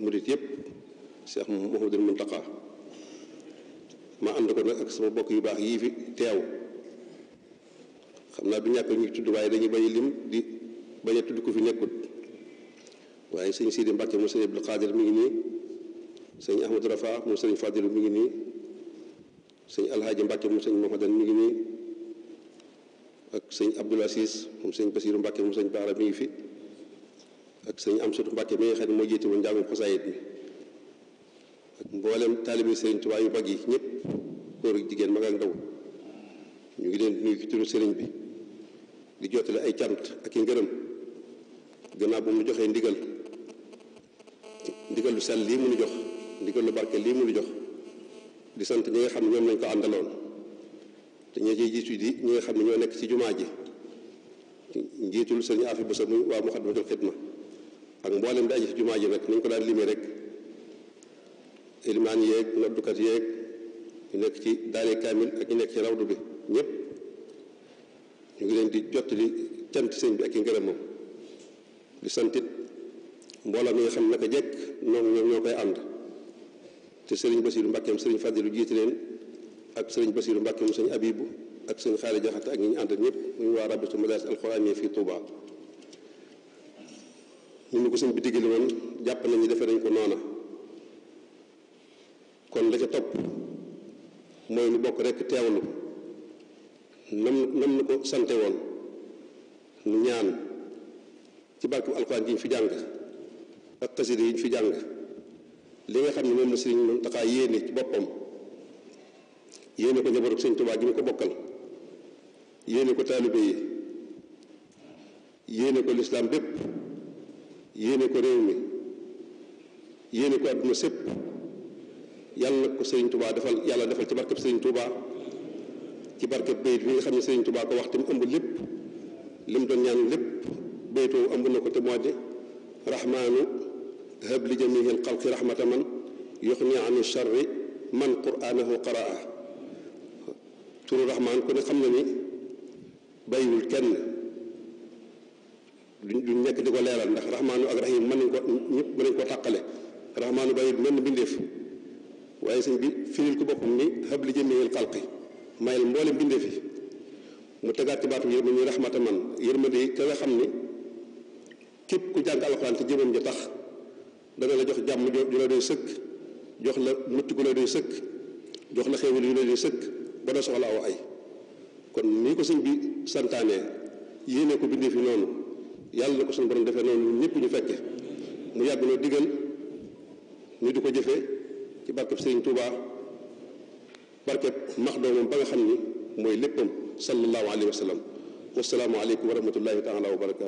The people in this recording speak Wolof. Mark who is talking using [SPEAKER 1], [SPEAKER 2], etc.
[SPEAKER 1] murit yëpp Cheikh Mouhamadul Muntaqa ma ànd ko nag ak sama bokk yu baax yii fi teew xam naa bi ñàkk mi tudd waaye dañuy bañ lim di bañ a tudd ku fi nekkut waaye sëñ Sidi Mbàkke mu sëñ Abdul Xaadir mi ngi nii sëñ Ahmadou Rafa mu sëñ Fadilu mi ngi nii sëñ Alhaaji Mbàkke mu sëñ Mohamadan mi ngi nii ak sëñ Abdul Asiis mu sëñ Basiiru Mbàkke mu sëñ Baara mi ngi fi ak sëñ Amsatu Mbàkke mi nga xam ne moo jiite woon njàngum xasaayit bi ak mboolem taalibe sëriñ Tuubaa yu bag yi ñëpp góor ak jigéen mag ak ndaw ñu ngi leen di nuyu ci sëriñ bi di jottale ay cant ak i ngërëm gannaaw bu mu joxee ndigal ndigal lu sell lii mu nu jox ndigal lu barke lii mu nu jox di sant ñi xam ne ñoom lañ ko àndaloon te jiitu di ñi xam ne ñoo nekk ci jumaa ji njiitul sëriñ Afi Busa muy waa Muxaddamatul Xidma ak mboolem di aji ci jumaa ji nag ni ñu ko daan limee rek ilmaan yeeg noddukat yeeg ñu nekk ci daare kaamil ak ñu nekk ci rawdu bi ñëpp ñu ngi leen di jottali cant sëñ bi ak i ngërëmam di santit mbooloo mi nga xam naka jekk ñoom ñoom ñoo koy ànd te sëriñ Basiiru Mbàkkeem sëriñ Fàdilu jiite leen ak sëriñ Basiiru Mbàkkeem sëñ Abibu ak sëñ Xaali Jaxate ak ñi ñu ànd ñëpp ñu waa rabituma daas alxuraan yi fii Tuubaa ni ñu ko seen bi digal woon jàpp nañu defe nañ ko nona kon la ca top moy ñu bok rek teewlu nam nam ko santé won ñu ñaan ci barku alquran ji fi jang ak xasida yi fi jang li nga xamni mom moom la sëriñ Muntaxa ci bopam yéene ko njabootu serigne Tuubaa gi ko bokkal yéene ko taalibe yi ko l'islam bépp yéene ko réew mi yéene ko àdduna sépp yàlla ko sëriñ Touba defal yàlla defal ci barkeb sëriñ Touba ci barkeb bayit bi nga xam ne sëriñ Touba ko wax te mu ëmb lépp li mu doon ñaan lépp baytoo ëmb na ko te moo di rahmaanu hab li jamiil xalqi rahmata man yuxni anu charri man quraanahu qaraa turu rahmaan ku ne xam na ni bayiwul kenn duñ nekk di ko leeral ndax raxmaanu ak rahim mën nañ ko ñëpp mën nañ ko tàqale raxmaanu bàyyi mën bindeef waaye sëñ bi firil ko boppam ni xab li jëmee xalqi mayel mboolem bindeef yi mu tegaat ci baatu yërma ñu raxmata man yërmande yi ka nga xam ni képp ku jàng alxuraan te jëmam ja tax dana la jox jàmm ju la doy sëkk jox la mucc gu la doy sëkk jox la xéewal yu la doy sëkk ba na soxla aw ay kon nii ko sëñ bi santaane yéene ko bindeef yi noonu yàlla na ko suñu borom defee noonu ñëpp ñu fekkee mu yàgg noo diggal ñu di ko jëfee ci barkeb Serigne Touba barkeb max doomam ba nga xam ni mooy léppam sallallahu alayhi wa sallam wasalaamu aleykum wa rahmatullahi taala wa barakatu